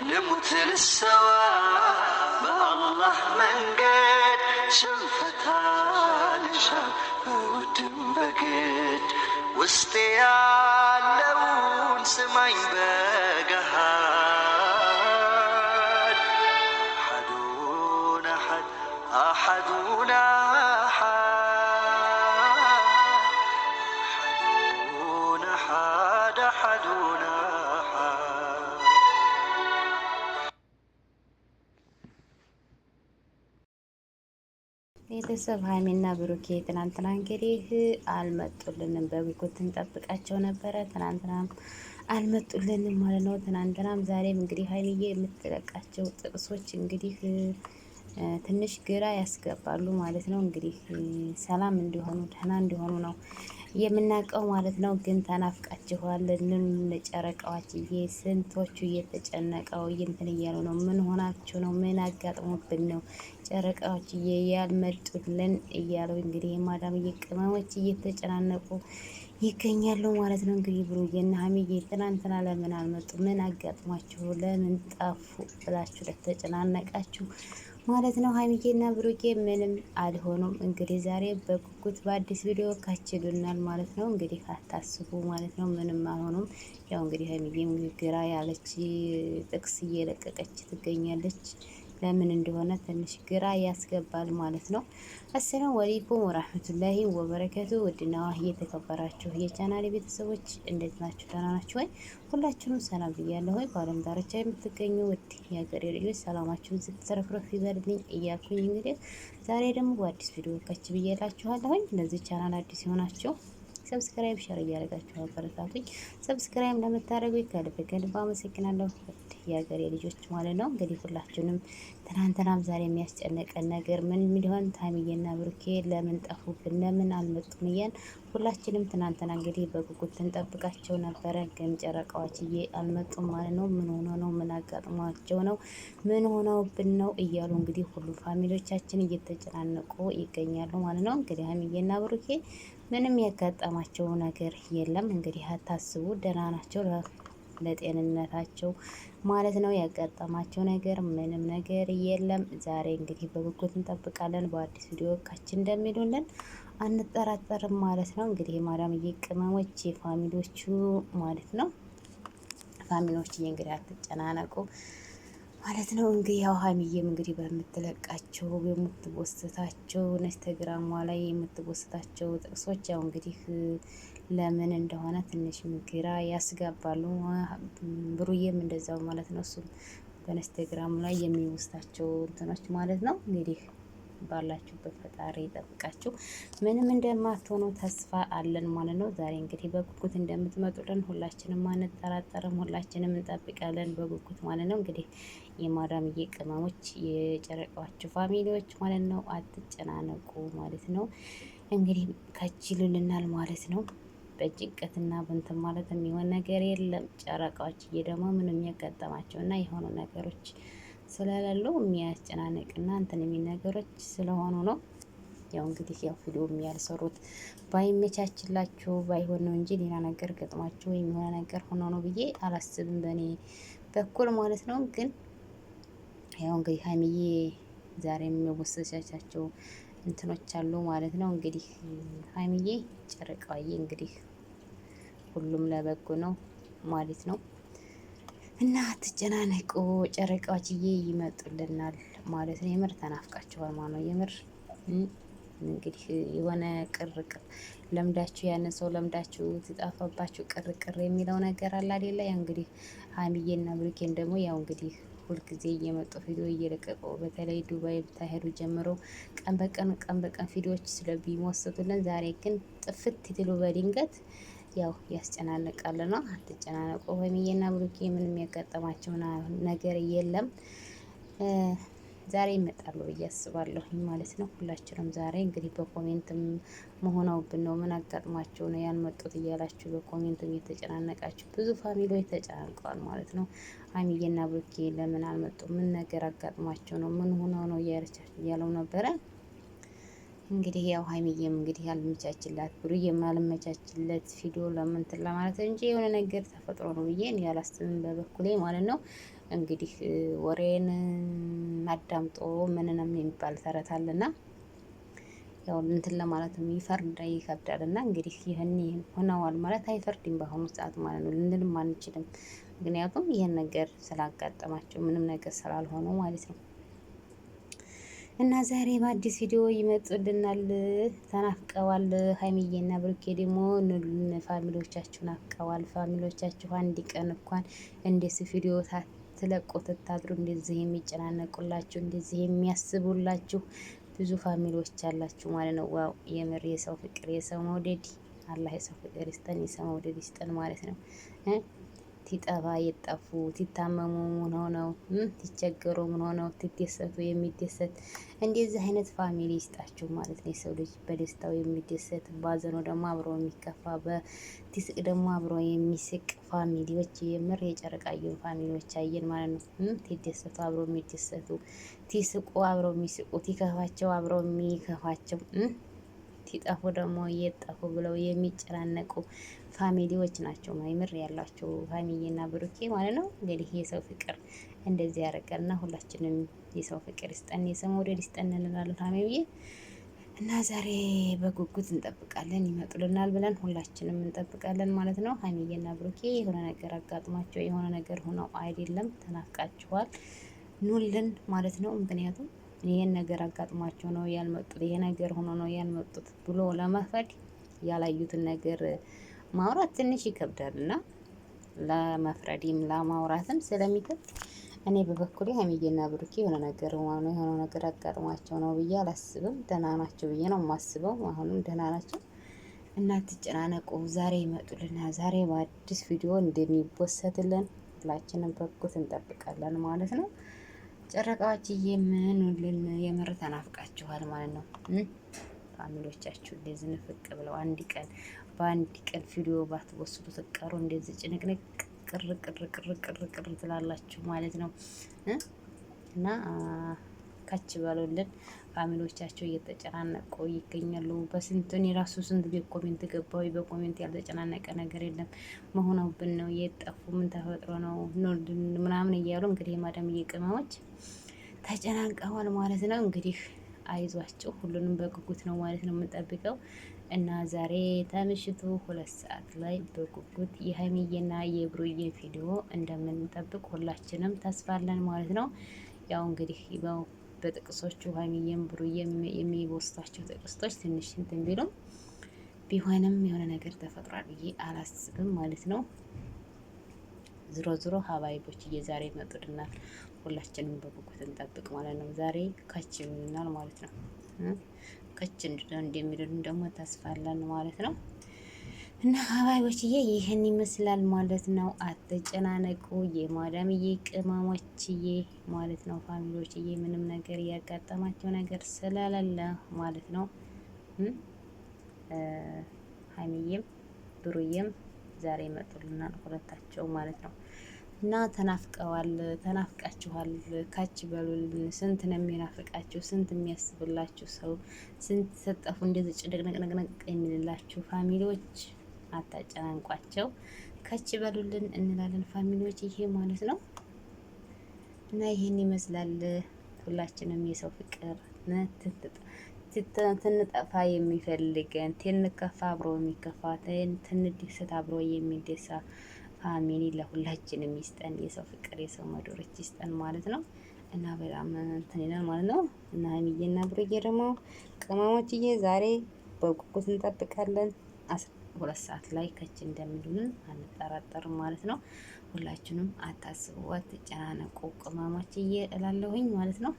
لمت للسواب الله من قد شفتها لشاف ودم وسطي ያለውን ስማኝ በገሃድ አሐዱን አሐድ احد ቤተሰብ ሀይሚና ብሩኬ ትናንትና እንግዲህ አልመጡልንም። በጉጉት እንጠብቃቸው ነበረ። ትናንትናም አልመጡልንም ማለት ነው። ትናንትናም ዛሬም እንግዲህ ሀይሜዬ የምትለቃቸው ጥቅሶች እንግዲህ ትንሽ ግራ ያስገባሉ ማለት ነው። እንግዲህ ሰላም እንዲሆኑ ደህና እንዲሆኑ ነው የምናውቀው ማለት ነው። ግን ተናፍቃችኋል። ንን ጨረቃዎች ዬ ስንቶቹ እየተጨነቀው እንትን እያሉ ነው። ምን ሆናችሁ ነው? ምን አጋጥሞብን ነው? ጨረቃዎች ዬ ያልመጡልን እያሉ እንግዲህ የማዳም እየቅመሞች እየተጨናነቁ ይገኛሉ ማለት ነው። እንግዲህ ብሩዬና ሀሚዬ ትናንትና ለምን አልመጡ? ምን አጋጥሟችሁ? ለምን ጠፉ ብላችሁ ለተጨናነቃችሁ ማለት ነው። ሀይሚኬና ብሩኬ ምንም አልሆኑም። እንግዲህ ዛሬ በጉጉት በአዲስ ቪዲዮ ካችሉናል ማለት ነው። እንግዲህ አታስቡ ማለት ነው። ምንም አልሆኑም። ያው እንግዲህ ሀይሚዬም ግራ ያለች ጥቅስ እየለቀቀች ትገኛለች። ለምን እንደሆነ ትንሽ ግራ ያስገባል ማለት ነው። አሰላሙ አለይኩም ወራህመቱላሂ ወበረከቱ። ውድና እየተከበራችሁ የቻናሌ ቤተሰቦች እንዴት ናችሁ? ደህና ናችሁ ወይ? ሁላችሁንም ሰላም ብያለሁ። ወይ? በአለም ዳርቻ የምትገኙ ውድ የሀገሬ ልጆች ሰላማችሁን ስትረፍረፍ ይበልልኝ እያልኩኝ እንግዲህ ዛሬ ደግሞ በአዲስ ቪዲዮ ከች ብዬላችኋለሁኝ። ለዚህ ቻናል አዲስ የሆናችሁ ሰብስክራይብ ሸር እያደረጋችሁ አበረታቱኝ። ሰብስክራይብ ለምታደርጉኝ ከልብ ከልብ አመሰግናለሁ። የሀገሬ ልጆች ማለት ነው እንግዲህ ሁላችሁንም ትናንትናም ዛሬ የሚያስጨነቀን ነገር ምን ሊሆን ታሚዬና ብሩኬ ለምን ጠፉብን? ለምን አልመጡም? እያን ሁላችንም ትናንትና እንግዲህ በጉጉት እንጠብቃቸው ነበረ። ግን ጨረቃዎች እዬ አልመጡም ማለት ነው። ምን ሆኖ ነው? ምን አጋጥሟቸው ነው? ምን ሆነውብን ነው? እያሉ እንግዲህ ሁሉ ፋሚሊዎቻችን እየተጨናነቁ ይገኛሉ ማለት ነው። እንግዲህ ሀሚዬና ብሩኬ ምንም ያጋጠማቸው ነገር የለም። እንግዲህ አታስቡ፣ ደህና ናቸው ለጤንነታቸው ማለት ነው። ያጋጠማቸው ነገር ምንም ነገር የለም። ዛሬ እንግዲህ በጉጉት እንጠብቃለን በአዲስ ቪዲዮ ወቃችን እንደሚሉልን አንጠራጠርም ማለት ነው። እንግዲህ የማዳምዬ ቅመሞች የፋሚሊዎቹ ማለት ነው ፋሚሊዎች እንግዲህ አትጨናነቁ። ማለት ነው። እንግዲህ ያው ሀይሚዬም እንግዲህ በምትለቃቸው የምትወስታቸው ኢንስታግራሟ ላይ የምትወስታቸው ጥቅሶች ያው እንግዲህ ለምን እንደሆነ ትንሽ ግራ ያስጋባሉ። ብሩዬም እንደዛው ማለት ነው። እሱም በኢንስታግራሙ ላይ የሚወስታቸው እንትኖች ማለት ነው እንግዲህ ባላችሁበት ፈጣሪ ይጠብቃችሁ። ምንም እንደማትሆኑ ተስፋ አለን ማለት ነው። ዛሬ እንግዲህ በጉጉት እንደምትመጡልን ሁላችንም አንጠራጠርም፣ ሁላችንም እንጠብቃለን በጉጉት ማለት ነው። እንግዲህ የማዳምዬ ቅመሞች፣ የጨረቃችሁ ፋሚሊዎች ማለት ነው፣ አትጨናነቁ ማለት ነው። እንግዲህ ከችሉልናል ማለት ነው። በጭንቀትና ብንትን ማለት የሚሆን ነገር የለም። ጨረቃዎችዬ ደግሞ ምንም የሚያጋጠማቸው እና የሆኑ ነገሮች ስለሌለው የሚያስጨናነቅና እንትን የሚል ነገሮች ስለሆኑ ነው። ያው እንግዲህ ያው ቪዲዮ የሚያልሰሩት ባይመቻችላችሁ ባይሆን ነው እንጂ ሌላ ነገር ገጥሟቸው ወይም የሆነ ነገር ሆኖ ነው ብዬ አላስብም፣ በእኔ በኩል ማለት ነው። ግን ያው እንግዲህ ሀይሚዬ ዛሬ የወሰቻቻቸው እንትኖች አሉ ማለት ነው። እንግዲህ ሀይሚዬ ጨረቃዬ እንግዲህ ሁሉም ለበጎ ነው ማለት ነው። እና አትጨናነቁ ጨረቃዎችዬ ይመጡልናል ማለት ነው። የምር ተናፍቃችኋል ማለት ነው። የምር እንግዲህ የሆነ ቅርቅር ለምዳችሁ ያንን ሰው ለምዳችሁ ትጣፋባችሁ ቅርቅር የሚለው ነገር አለ አይደለ? ያው እንግዲህ ሀሚዬና ብሩኬን ደግሞ ያው እንግዲህ ሁልጊዜ እየመጡ ቪዲዮ እየለቀቁ በተለይ ዱባይ ታሄዱ ጀምሮ ቀን በቀን ቀን በቀን ቪዲዮዎች ስለሚወሰቱልን ዛሬ ግን ጥፍት ትሉ በድንገት ያው ያስጨናንቃል ነው። አትጨናነቁ። ሀይሚዬና ብሩኬ ምን ያጋጠማቸው ነገር የለም። ዛሬ ይመጣሉ ብዬ አስባለሁ ማለት ነው። ሁላችንም ዛሬ እንግዲህ በኮሜንትም መሆናውብን ነው ምን አጋጥሟቸው ነው ያልመጡት እያላችሁ በኮሜንት እየተጨናነቃችሁ ብዙ ፋሚሊዎች ተጨናንቀዋል ማለት ነው። ሀይሚዬና ብሩኬ ለምን አልመጡ፣ ምን ነገር አጋጥሟቸው ነው፣ ምን ሆነው ነው እያለቻችሁ እያለው ነበረ እንግዲህ ያው ሀይሚዬም እንግዲህ ያልመቻችላት ብሩዬም አልመቻችለት ፊዶ ለምንትን ለማለት እንጂ የሆነ ነገር ተፈጥሮ ነው ብዬ እኔ አላስብም በበኩሌ ማለት ነው። እንግዲህ ወሬን አዳምጦ ምንንም የሚባል ተረት አለና ያው እንትን ለማለትም ይፈርድ ይከብዳል። ይከብዳልና እንግዲህ ይህን ይህን ሆነዋል ማለት አይፈርድም በአሁኑ ሰዓት ማለት ነው። ልንልም አንችልም፣ ምክንያቱም ይህን ነገር ስላጋጠማቸው ምንም ነገር ስላልሆኑ ማለት ነው። እና ዛሬ በአዲስ ቪዲዮ ይመጡልናል። ተናፍቀዋል። ሀይሚዬና ብሩኬ ደግሞ ፋሚሊዎቻችሁ ናፍቀዋል። ፋሚሊዎቻችሁ አንድ ቀን እንኳን እንደስ ቪዲዮ ሳትለቁ ትታድሩ እንደዚህ የሚጨናነቁላችሁ እንደዚህ የሚያስቡላችሁ ብዙ ፋሚሊዎች አላችሁ ማለት ነው። ዋው! የምር የሰው ፍቅር የሰው መውደድ አላህ የሰው ፍቅር ይስጠን፣ የሰው መውደድ ይስጠን ማለት ነው። ሲጠባ የጠፉ ሲታመሙ ምን ሆነው ሲቸገሩ ምን ሆነው ሲደሰቱ የሚደሰት እንደዚህ አይነት ፋሚሊ ይስጣችሁ ማለት ነው። የሰው ልጅ በደስታው የሚደሰት ባዘኑ ደግሞ አብሮ የሚከፋ በቲስቅ ደግሞ አብሮ የሚስቅ ፋሚሊዎች የምር የጨረቃየን ፋሚሊዎች አየን ማለት ነው። ሲደሰቱ አብሮ የሚደሰቱ ሲስቁ አብሮ የሚስቁ ሲከፋቸው አብሮ የሚከፋቸው ሲጠፉ ደግሞ እየጠፉ ብለው የሚጨናነቁ ፋሚሊዎች ናቸው ማይምር ያላቸው ፋሚሊና ብሩኬ ማለት ነው። እንግዲህ የሰው ፍቅር እንደዚህ ያደርጋል እና ሁላችንም የሰው ፍቅር ይስጠን፣ የሰው መውደድ ይስጠን እንላለን ፋሚሊዬ እና ዛሬ በጉጉት እንጠብቃለን ይመጡልናል ብለን ሁላችንም እንጠብቃለን ማለት ነው። ሀይሚዬና ብሩኬ የሆነ ነገር አጋጥሟቸው የሆነ ነገር ሆነው አይደለም፣ ተናፍቃችኋል ኑልን ማለት ነው። ምክንያቱም ይህን ነገር አጋጥሟቸው ነው ያልመጡት፣ ይሄ ነገር ሆኖ ነው ያልመጡት ብሎ ለመፈድ ያላዩትን ነገር ማውራት ትንሽ ይከብዳል እና ለመፍረድም ለማውራትም ስለሚከብድ እኔ በበኩሌ ሀይሚዬና ብሩኬ የሆነ ነገር ነው የሆነ ነገር አጋጥሟቸው ነው ብዬ አላስብም። ደህና ናቸው ብዬ ነው የማስበው። አሁንም ደህና ናቸው እናትጨናነቁ ዛሬ ይመጡልና ዛሬ በአዲስ ቪዲዮ እንደሚወሰድልን ሁላችንም በጉት እንጠብቃለን ማለት ነው። ጨረቃዎችዬ ምን ሁልን የምር ተናፍቃችኋል ማለት ነው። ፋሚሊዎቻችሁ እንደዚህ ንፍቅ ብለው አንድ ቀን በአንድ ቀን ቪዲዮ ባትወስዱ ትቀሩ እንደዚህ ጭንቅንቅ ቅር ቅር ቅር ቅር ቅር ትላላችሁ ማለት ነው። እና ከች በሉልን ፋሚሊዎቻቸው እየተጨናነቁ ይገኛሉ። በስንትን የራሱ ስንት ቤት ኮሜንት ገባዊ በኮሜንት ያልተጨናነቀ ነገር የለም። መሆነውብን ነው የጠፉ ምን ተፈጥሮ ነው ምናምን እያሉ እንግዲህ የማዳም እየቅመሞች ተጨናንቀዋል ማለት ነው። እንግዲህ አይዟቸው ሁሉንም በጉጉት ነው ማለት ነው የምንጠብቀው። እና ዛሬ ተምሽቱ ሁለት ሰዓት ላይ በጉጉት የሀይሚዬና የብሩዬ ቪዲዮ እንደምንጠብቅ ሁላችንም ተስፋለን ማለት ነው። ያው እንግዲህ ው በጥቅሶቹ ሀይሚዬም ብሩዬ የሚወስታቸው ጥቅስቶች ትንሽ እንትን ቢሉም ቢሆንም የሆነ ነገር ተፈጥሯል ብዬ አላስብም ማለት ነው። ዝሮ ዝሮ ሀባይቦች እየዛሬ መጡድና ሁላችንም በጉጉት እንጠብቅ ማለት ነው። ዛሬ ካችን ይሆናል ማለት ነው። ቀጭ ሞከች እንደሚሉን ደግሞ ተስፋ ማለት ነው። እና ሀባይዎችዬ ይህን ይመስላል ማለት ነው። አትጨናነቁ የማዳምዬ ቅመሞችዬ ማለት ነው። ፋሚሊዎችዬ ምንም ነገር ያጋጠማቸው ነገር ስለሌለ ማለት ነው። ሀይሚዬም ብሩዬም ዛሬ መጡልናል ሁለታቸው ማለት ነው። እና ተናፍቀዋል፣ ተናፍቃችኋል። ካች በሉልን። ስንት ነው የሚናፍቃችሁ? ስንት የሚያስብላችሁ ሰው ስንት ሰጠፉ እንደዚህ ጭንቅንቅንቅንቅ የሚልላችሁ ፋሚሊዎች አታጨናንቋቸው። ካች በሉልን እንላለን ፋሚሊዎች። ይሄ ማለት ነው እና ይህን ይመስላል ሁላችንም የሰው ፍቅር ትንጠፋ የሚፈልገን ትንከፋ አብሮ የሚከፋ ትንደሰት አብሮ የሚደሳ አሚን ለሁላችንም ይስጠን፣ የሰው ፍቅር የሰው መዶሮች ይስጠን ማለት ነው። እና በጣም እንትን ይላል ማለት ነው። እና ሀይሚዬና ብሩዬ ደግሞ ቅመሞችዬ ዛሬ በጉጉት እንጠብቃለን። ሁለት ሰዓት ላይ ከች እንደሚሉን አንጠራጠርም ማለት ነው። ሁላችንም አታስቡ፣ አትጨናነቁ ቅመሞችዬ እላለሁኝ ማለት ነው።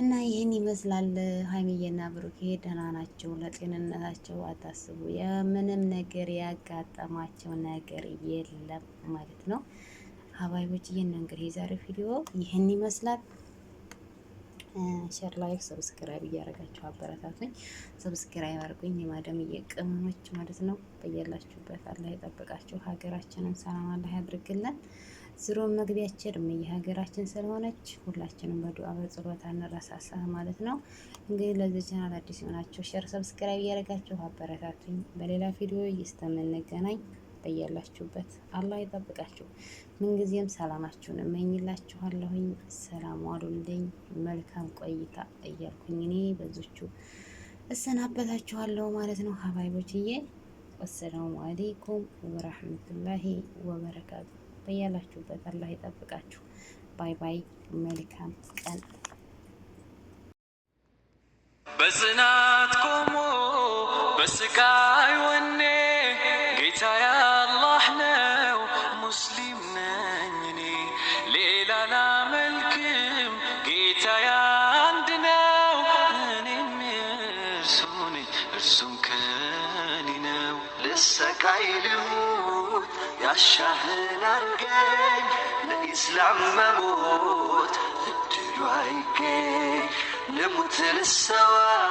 እና ይህን ይመስላል ሀይሚዬና ብሩኬ ደህና ናቸው። ለጤንነታቸው አታስቡ። የምንም ነገር ያጋጠማቸው ነገር የለም ማለት ነው። ሀባይቦች ይህን እንግዲህ የዛሬ ቪዲዮ ይህን ይመስላል። ሸር ላይክ፣ ሰብስክራይብ እያደረጋችሁ አበረታቱኝ። ሰብስክራይብ አድርጉኝ። የማደም እየቀመሞች ማለት ነው። በያላችሁበት አላህ የጠበቃችሁ ሀገራችንን ሰላም አላህ ያድርግልን። ዝሮ መግቢያችን የሀገራችን ስለሆነች ሁላችንም በዱዓ በጸሎት አንረሳሳ ማለት ነው። እንግዲህ ለዚህ ቻናል አዲስ የሆናችሁ ሼር፣ ሰብስክራይብ እያደረጋችሁ አበረታቱኝ። በሌላ ቪዲዮ እስከምንገናኝ በያላችሁበት አላህ ይጠብቃችሁ። ምንጊዜም ሰላማችሁን እመኝላችኋለሁኝ። ሰላም ዋሉልኝ። መልካም ቆይታ እያልኩኝ እኔ በዞቹ እሰናበታችኋለሁ ማለት ነው። ሀባይቦችዬ ወሰላሙ አሌይኩም ወረህመቱላሂ ወበረካቱ በያላችሁበት አላህ ይጠብቃችሁ። ባይ ባይ። መልካም ቀን። በጽናት ቆሞ በስቃይ ወኔ ጌታ ያላህ ነው፣ ሙስሊም ነኝ እኔ ሌላ ላመልክም። ጌታ ያንድ ነው፣ እኔም እርሱ ነኝ፣ እርሱም ከኔ ነው። ልሰቃይ ልሁ يا الشاه نرقين لإسلام ما موت تلو عيكين نموت للسوا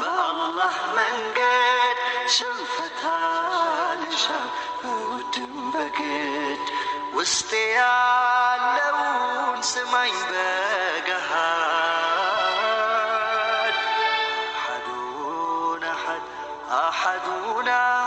ما الله من قيد شنفتا لشام ودم بقيد وسطي اللون سمعي بقهاد حدونا حد أحدونا